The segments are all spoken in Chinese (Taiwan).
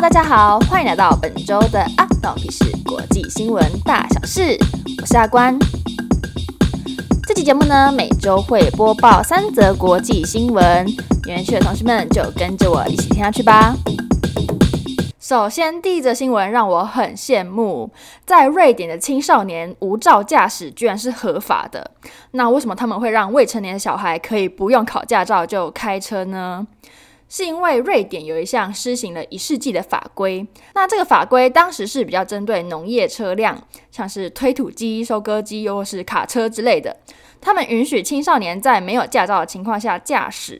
大家好，歡迎來到本周的阿關必視國際新聞大小事，我是阿關。這期節目呢，每周會播報三則國際新聞，有興趣的同學們就跟着我一起聽下去吧。首先，第一則新聞讓我很羨慕，在瑞典的青少年無照駕駛居然是合法的。那為什麼他們會讓未成年的小孩可以不用考駕照就開車呢？是因為瑞典有一項施行了一世紀的法規，那這個法規當時是比較針對農業車輛，像是推土機、收割機，又或是卡車之類的，他們允許青少年在沒有駕照的情況下駕駛。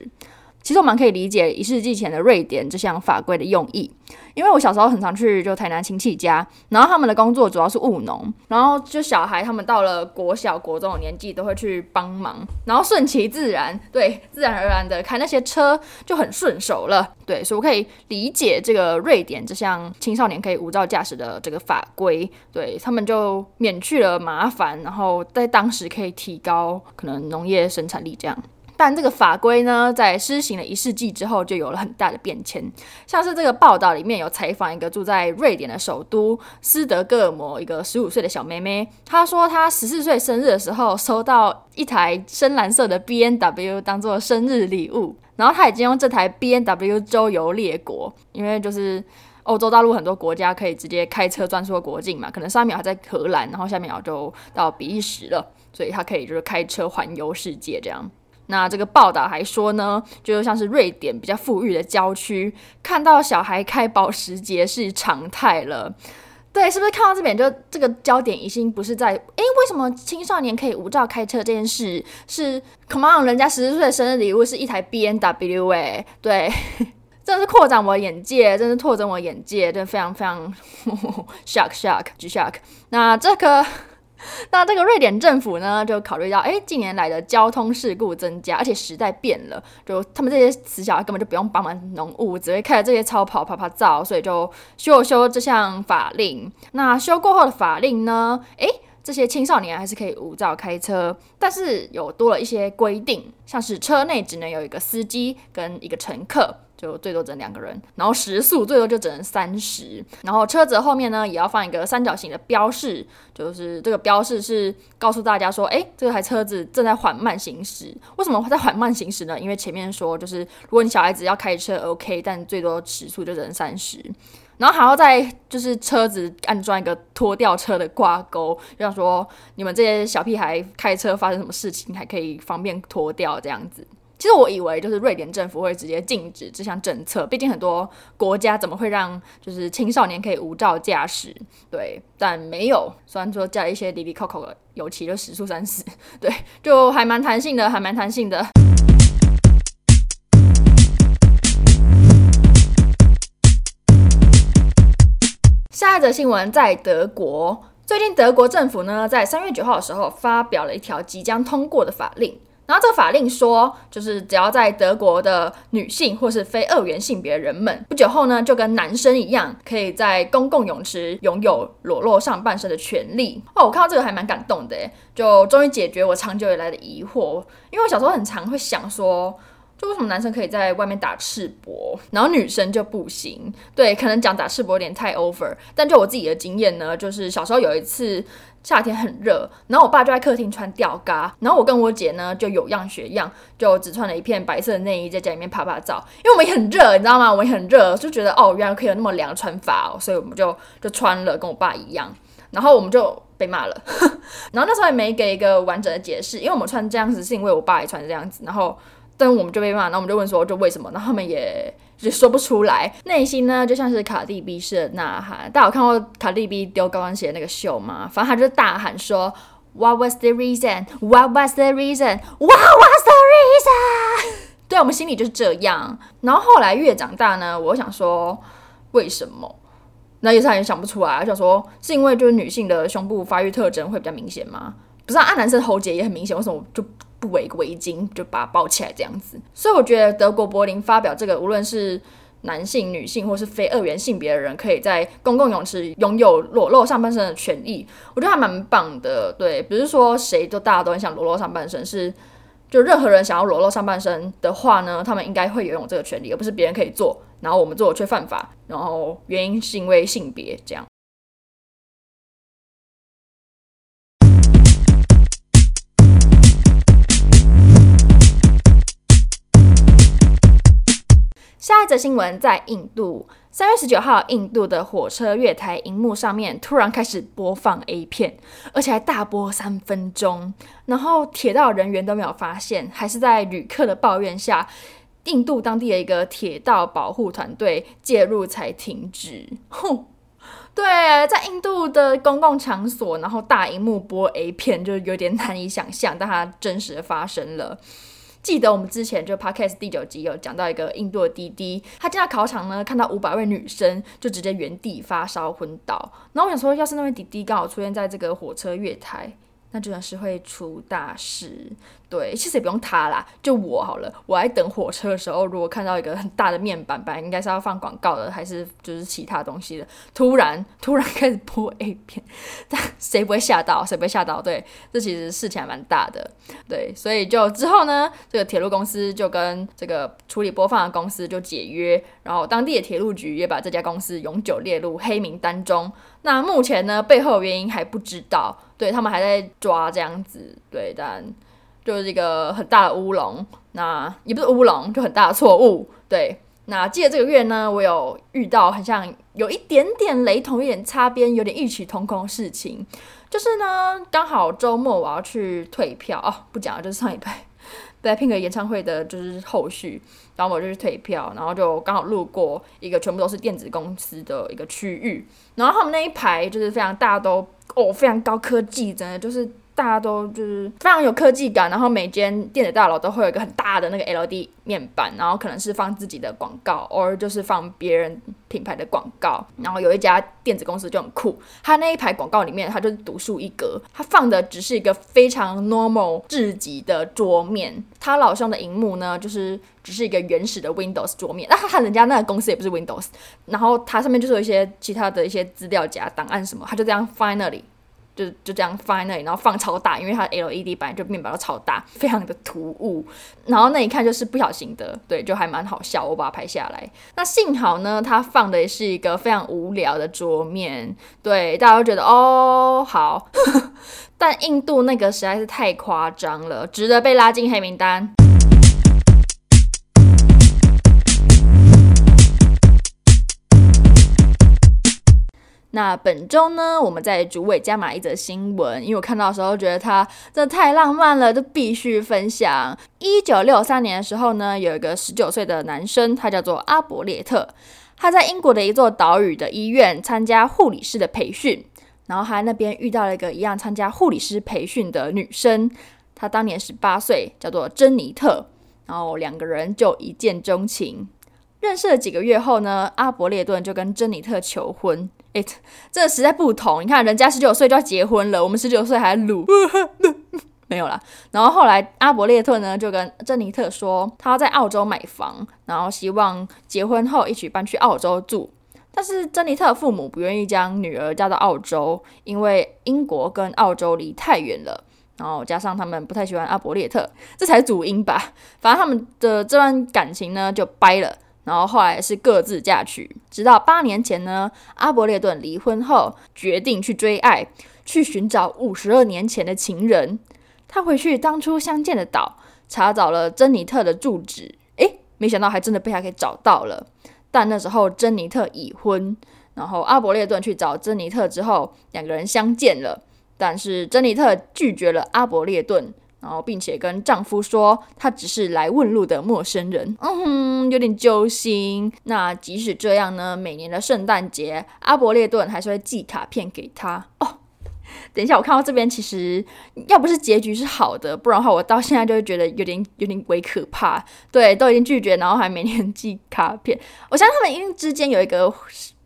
其實我蠻可以理解一世紀前的瑞典這項法規的用意，因為我小時候很常去就台南親戚家，然後他們的工作主要是務農，然後就小孩他們到了國小國中的年紀都會去幫忙，然後順其自然，對，自然而然的開那些車就很順手了，對，所以我可以理解這個瑞典這項青少年可以無照駕駛的這個法規，對，他們就免去了麻煩，然後在當時可以提高可能農業生產力這樣。但這個法規呢，在施行了一世紀之後，就有了很大的變遷。像是這個報道裡面有採訪一個住在瑞典的首都斯德哥爾摩一個十五歲的小妹妹，她說她十四歲生日的時候收到一台深藍色的 BMW 當做生日禮物，然後她已經用這台 BMW 周遊列國，因為就是歐洲大陸很多國家可以直接開車鑽出國境嘛，可能上一秒還在荷蘭，然後下一秒就到比利時了，所以她可以就是開車環遊世界這樣。那這個報道還說呢，就像是瑞典比較富裕的郊區，看到小孩開保時捷是常態了。對，是不是看到這邊就這個焦點已經不是在哎，為什麼青少年可以無照開車這件事？是，come on，人家十四歲的生日禮物是一台 BMW 誒對 真，真的是擴展我眼界，真是拓展我眼界，真的非常非常呵呵 shock shock 巨 shock。那這個。那這個瑞典政府呢，就考慮到，哎，近年來的交通事故增加，而且時代變了，就他們這些死小孩根本就不用幫忙農務，只會開着這些超跑拍拍照，所以就修修這項法令。那修過後的法令呢，哎，這些青少年還是可以無照開車，但是有多了一些規定，像是車內只能有一個司機跟一個乘客。就最多只能兩個人，然後時速最多就只能三十，然後車子後面呢，也要放一個三角形的標示，就是這個標示是告訴大家說，哎，這台車子正在緩慢行駛。為什麼會在緩慢行駛呢？因為前面說就是，如果你小孩子要開車 OK，但最多時速就只能三十，然後還要在就是車子安裝一個拖吊車的掛鈎，就像說你們這些小屁孩開車發生什麼事情還可以方便拖吊這樣子。其實我以為就是瑞典政府會直接禁止這項政策，畢竟很多國家怎麼會讓就是青少年可以無照駕駛？對，但沒有。雖然說加一些哩哩摳摳的，尤其就時速三十，對，就還蠻彈性的，還蠻彈性的。下一則新聞在德國，最近德國政府呢在三月九號的時候發表了一條即將通過的法令。然後這個法令說，就是只要在德國的女性或是非二元性別的人們，不久後呢，就跟男生一樣，可以在公共泳池擁有裸露上半身的權利哦。我看到這個還蠻感動的，就終於解決我長久以來的疑惑。因為我小時候很常會想說，就為什麼男生可以在外面打赤膊，然後女生就不行？對，可能講打赤膊有點太 over，但就我自己的經驗呢，就是小時候有一次。夏天很熱，然後我爸就在客廳穿吊嘎，然後我跟我姐呢就有樣學樣，就只穿了一片白色的內衣在家裡面趴趴走，因為我們也很熱，你知道嗎？我們也很熱，就覺得哦原來可以有那麼涼的穿法哦，所以我們就就穿了跟我爸一樣，然後我們就被罵了， 然後那時候也沒給一個完整的解釋，因為我們穿這樣子是因為我爸也穿這樣子，然後。跟我們就被罵，然後我們就問說，就為什麼？然後他們也就說不出來，內心呢就像是卡蒂 B 式的吶喊。大家有看過卡蒂 B 丟高跟鞋的那個秀嗎？反正他就大喊說，What was the reason? What was the reason? What was the reason? 對，我們心裡就是這樣。然後後來越長大呢，我就想說為什麼？那有時候也想不出來，就想說是因為就是女性的胸部發育特徵會比較明顯嗎？不知道。按男生喉結也很明顯，為什麼我就？不圍個圍巾就把它包起來這樣子，所以我覺得德國柏林發表這個，無論是男性、女性或是非二元性別的人，可以在公共泳池擁有裸露上半身的權益，我覺得還蠻棒的。對，不是說誰都大家都很想裸露上半身，是就任何人想要裸露上半身的話呢，他們應該會擁有這個權利，而不是別人可以做，然後我們做卻犯法，然後原因是因為性別這樣。這則新聞在印度三月十九號，印度的火車月台螢幕上面突然開始播放 A 片，而且還大播三分鐘，然後鐵道人員都沒有發現，還是在旅客的抱怨下，印度當地的一個鐵道保護團隊介入才停止。哼，對，在印度的公共場所，然後大螢幕播 A 片，就有點難以想象但它真實的發生了。記得我們之前就 podcast 第九集有講到一個印度的弟弟，他進到考場呢，看到五百位女生，就直接原地發燒昏倒。然後我想說，要是那位弟弟剛好出現在這個火車月台。那就真的是會出大事，對，其實也不用他啦，就我好了。我在等火車的時候，如果看到一個很大的面板，本來應該是要放廣告的，還是就是其他東西的，突然突然開始播 A 片，但誰不會嚇到？誰不會嚇到？對，這其實事情還蠻大的，對，所以就之後呢，這個鐵路公司就跟這個處理播放的公司就解約，然後當地的鐵路局也把這家公司永久列入黑名單中。那目前呢，背後原因還不知道，對，他們還在抓這樣子，對，但就是一個很大的烏龍，那也不是烏龍，就很大的錯誤，對。那記得這個月呢，我有遇到很像有一點點雷同，有點擦邊，有點異曲同工的事情，就是呢，剛好週末我要去退票哦，不講了，就是上禮拜，Blackpink 的演唱會的，就是後續，然後我就去退票，然後就剛好路過一個全部都是電子公司的一個區域，然後他們那一排就是非常大都，都哦非常高科技，真的就是。大家都就是非常有科技感，然後每間電子大樓都會有一個很大的那個 LED 面板，然後可能是放自己的廣告，或者就是放別人品牌的廣告。然後有一家電子公司就很酷，它那一排廣告裡面，它就是獨樹一格，它放的只是一個非常 normal 至極的桌面。他老兄的熒幕呢，就是只是一個原始的 Windows 桌面，那、啊、他人家那個公司也不是 Windows，然後它上面就是有一些其他的一些資料夾、檔案什麼，他就這樣放在那裡。就就這樣放在那裡，然後放超大，因為它的 LED 板，就面板都超大，非常的突兀。然後那一看就是不小心的，對，就還蠻好笑，我把它拍下來。那幸好呢，它放的是一個非常無聊的桌面，對，大家都覺得哦好。 但印度那個實在是太誇張了，值得被拉進黑名單。那本周呢，我們在主委加碼一則新聞，因為我看到的時候覺得它這太浪漫了，都必須分享。一九六三年的時候呢，有一個十九歲的男生，他叫做阿伯列特，他在英國的一座島嶼的醫院參加護理師的培訓，然後他那邊遇到了一個一樣參加護理師培訓的女生，他當年十八歲，叫做珍妮特，然後兩個人就一見鍾情。認識了幾個月後呢，阿伯列頓就跟珍妮特求婚。哎、欸，這實在不同。你看，人家十九歲就要結婚了，我們十九歲還擼， 沒有啦。然後後來阿伯列特呢，就跟珍妮特說，他要在澳洲買房，然後希望結婚後一起搬去澳洲住。但是珍妮特的父母不願意將女兒嫁到澳洲，因為英國跟澳洲離太遠了。然後加上他們不太喜歡阿伯列特，這才是主因吧。反正他們的這段感情呢，就掰了。然後後來是各自嫁娶，直到八年前呢，阿伯列頓離婚後，決定去追愛，去尋找五十二年前的情人。他回去當初相見的島，查找了珍妮特的住址。哎，沒想到還真的被他給找到了。但那時候珍妮特已婚，然後阿伯列頓去找珍妮特之後，兩個人相見了，但是珍妮特拒絕了阿伯列頓。然後，並且跟丈夫說，他只是來問路的陌生人。嗯，哼，有點揪心。那即使這樣呢，每年的聖誕節，阿伯列頓還是會寄卡片給他。哦，等一下，我看到這邊，其實要不是結局是好的，不然的話，我到現在就會覺得有點有點鬼可怕。對，都已經拒絕，然後還每年寄卡片。我相信他們因之間有一個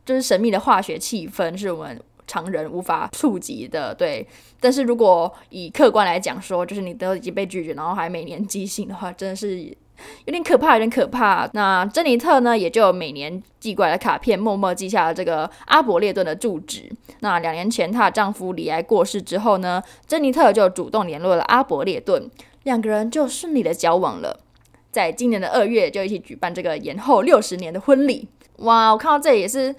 就是神秘的化學氣氛，是我們。常人無法觸及的，對。但是如果以客觀來講說，就是你都已經被拒絕，然後還每年寄信的話，真的是有點可怕，有點可怕。那珍妮特呢，也就每年寄過來的卡片，默默記下了這個阿伯列頓的住址。那兩年前她的丈夫李埃過世之後呢，珍妮特就主動聯絡了阿伯列頓，兩個人就順利的交往了，在今年的二月就一起舉辦這個延後六十年的婚禮。哇，我看到這也是。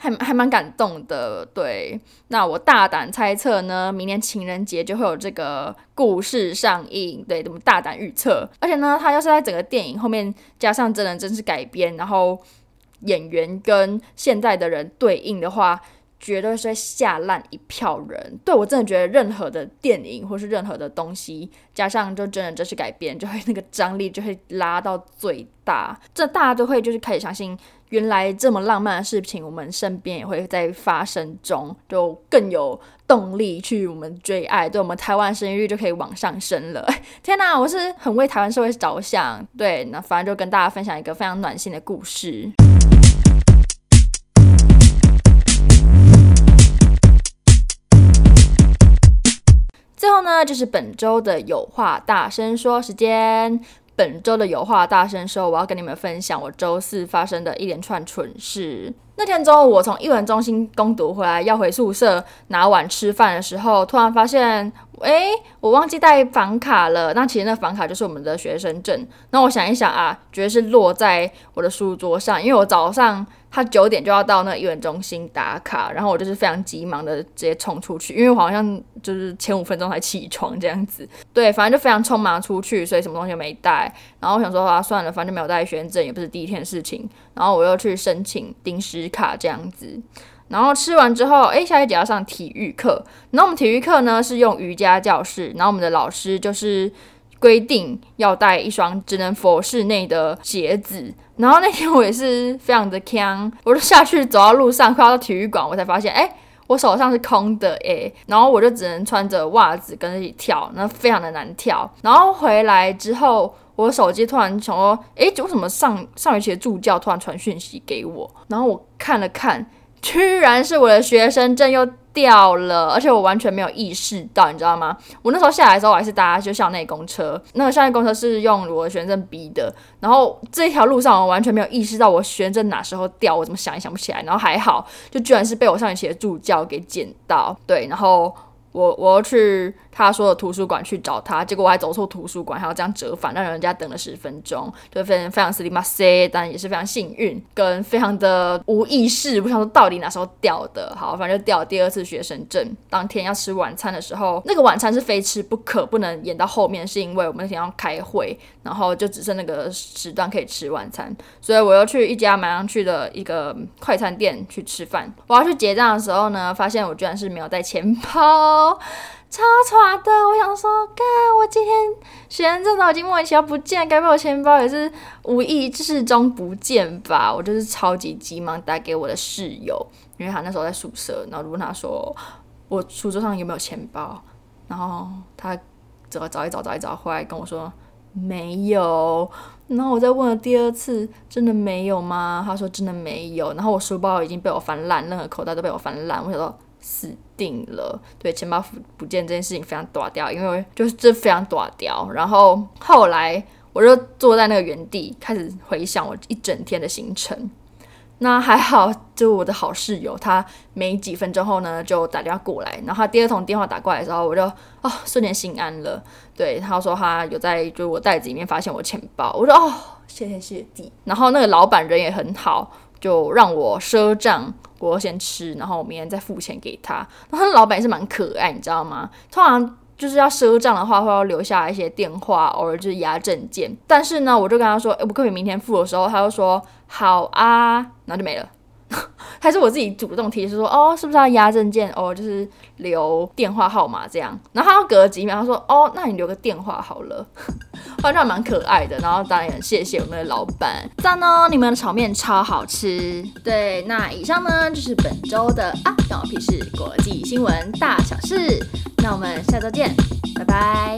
還還蠻感動的，對。那我大膽猜測呢，明年情人節就會有這個故事上映，對，這麼大膽預測。而且呢，他要是在整個電影後面加上真人真事改編，然後演員跟現在的人對應的話。絕對是會嚇爛一票人，對，我真的覺得任何的電影或是任何的東西，加上就真人真實改編，就會那個張力就會拉到最大，這大家都會就是開始相信，原來這麼浪漫的事情我們身邊也會在發生中，就更有動力去我們追愛，對，我們台灣生育率就可以往上升了。天哪，我是很為台灣社會着想，對，那反正就跟大家分享一個非常暖心的故事。那就是本周的有話大聲說時間。本周的有話大聲說，我要跟你們分享我周四發生的一連串蠢事。那天中午，我從藝文中心攻讀回來，要回宿舍拿碗吃飯的時候，突然發現。誒，我忘記帶房卡了。那其實那房卡就是我們的學生證。那我想一想啊，絕對是落在我的書桌上，因為我早上他九點就要到那個醫院中心打卡，然後我就是非常急忙的直接衝出去，因為我好像就是前五分鐘才起床這樣子。對，反正就非常匆忙出去，所以什麼東西沒帶。然後我想說啊，算了，反正沒有帶學生證，也不是第一天的事情。然後我又去申請臨時卡這樣子。然後吃完之後，哎，下一節要上體育課。那我們體育課呢，是用瑜伽教室。然後我們的老師就是規定要帶一雙只能佛室內的鞋子。然後那天我也是非常的 can，我就下去走到路上，快要到體育館，我才發現，哎，我手上是空的，哎，然後我就只能穿着襪子跟着一起跳，那非常的難跳。然後回來之後，我手機突然想說，哎，為什麼上上學期的助教突然傳訊息給我？然後我看了看。居然是我的學生證又掉了，而且我完全沒有意識到，你知道嗎？我那時候下來的時候，我還是搭學校內公車，那個校內公車是用我的學生證嗶的，然後這條路上我完全沒有意識到我學生證哪時候掉，我怎麼想也想不起來，然後還好，就居然是被我上學期的助教給撿到，對，然後我我要去。他說了圖書館去找他，結果我還走錯圖書館，還要這樣折返，讓人家等了十分鐘，就非常非常死 ma 塞，但也是非常幸運，跟非常的無意識，不想說到底哪時候掉的？好，反正就掉了第二次學生證。當天要吃晚餐的時候，那個晚餐是非吃不可，不能延到後面，是因為我們想要開會，然後就只剩那個時段可以吃晚餐，所以我又去一家蠻想去的一個快餐店去吃飯。我要去結賬的時候呢，發現我居然是沒有帶錢包。超慘的！我想說，哥，我今天學生證，已經莫名其妙不見，該不會我錢包也是無意之中不見吧？我就是超級急忙打給我的室友，因為他那時候在宿舍。然後我問他說：“我書桌上有沒有錢包？”然後他找找一找，找一找，後來跟我說沒有。然後我再問了第二次：“真的沒有嗎？”他說：“真的沒有。”然後我書包已經被我翻爛，任何口袋都被我翻爛。我想說。死定了！對，錢包不不見這件事情非常大條，因為就是這非常大條。然後後來我就坐在那個原地，開始回想我一整天的行程。那還好，就我的好室友，他沒幾分鐘後呢就打電話過來。然後他第二通電話打過來的時候，我就哦瞬間心安了。對，他說他有在就我袋子裡面發現我錢包。我說哦，謝謝謝謝。然後那個老闆人也很好。就讓我賒賬，我先吃，然後我明天再付錢給他。那他老闆也是蠻可愛，你知道嗎？通常就是要賒賬的話，會要留下一些電話，偶爾就是押證件。但是呢，我就跟他說：“哎、欸，我可不可以明天付的時候。”他就說：“好啊。”然後就沒了。還是我自己主動提示說，哦，是不是要押證件？哦，就是留電話號碼這樣。然後他隔幾秒，他說，哦，那你留個電話好了。我覺得還蠻可愛的。然後當然謝謝我們的老板，讚哦，你們的炒麵超好吃。對，那以上呢就是本周的啊，關我屁事國際新聞大小事。那我們下周見，拜拜。